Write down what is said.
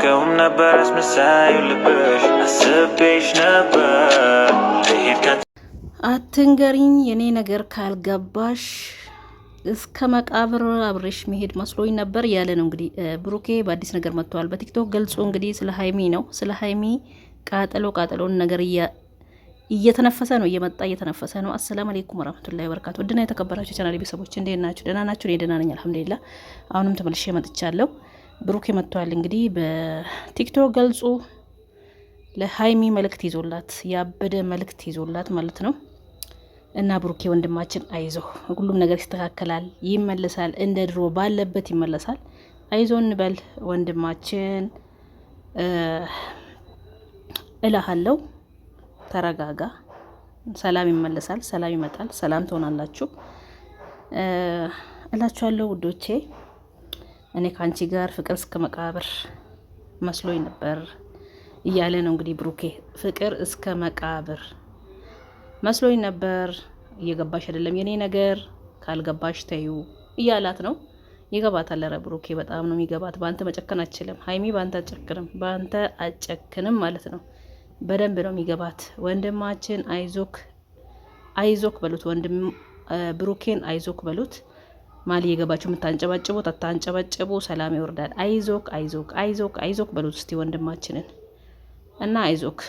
አላውቀውም ነበር አስመሳዩ ልብሽ አስቤሽ ነበር አትንገሪኝ የኔ ነገር ካልገባሽ እስከ መቃብር አብሬሽ መሄድ መስሎኝ ነበር ያለ ነው። እንግዲህ ብሩኬ በአዲስ ነገር መጥተዋል። በቲክቶክ ገልጾ እንግዲህ ስለ ሀይሚ ነው ስለ ሀይሚ ቃጠሎ ቃጠሎን ነገር እየተነፈሰ ነው እየመጣ እየተነፈሰ ነው። አሰላም አሌይኩም ወረመቱላ ወበረካቱ። ውድና የተከበራችሁ ቻናል ቤተሰቦች እንዴት ናችሁ? ደህና ናችሁ? እኔ ደህና ነኝ አልሐምዱሊላ። አሁንም ተመልሼ መጥቻለሁ። ብሩኬ መጥቷል። እንግዲህ በቲክቶክ ገልጹ ለሀይሚ መልእክት ይዞላት ያበደ መልእክት ይዞላት ማለት ነው። እና ብሩኬ ወንድማችን አይዞ፣ ሁሉም ነገር ይስተካከላል፣ ይመለሳል፣ እንደ ድሮ ባለበት ይመለሳል። አይዞ እንበል ወንድማችን እላሃለው። ተረጋጋ። ሰላም ይመለሳል፣ ሰላም ይመጣል፣ ሰላም ትሆናላችሁ እላችኋለሁ ውዶቼ። እኔ ከአንቺ ጋር ፍቅር እስከ መቃብር መስሎኝ ነበር እያለ ነው እንግዲህ ብሩኬ። ፍቅር እስከ መቃብር መስሎኝ ነበር፣ እየገባሽ አይደለም የኔ ነገር፣ ካልገባሽ ተዩ እያላት ነው። ይገባታል። ኧረ ብሩኬ በጣም ነው የሚገባት። በአንተ መጨከን አችልም ሀይሚ፣ በአንተ አጨክንም፣ በአንተ አጨክንም ማለት ነው። በደንብ ነው የሚገባት። ወንድማችን አይዞክ አይዞክ በሉት፣ ወንድም ብሩኬን አይዞክ በሉት። ማሊ የገባችሁ የምታንጨባጭቡት አታንጨባጭቡ፣ ሰላም ይወርዳል። አይዞክ አይዞክ አይዞክ አይዞክ በሉት እስቲ ወንድማችንን እና አይዞክ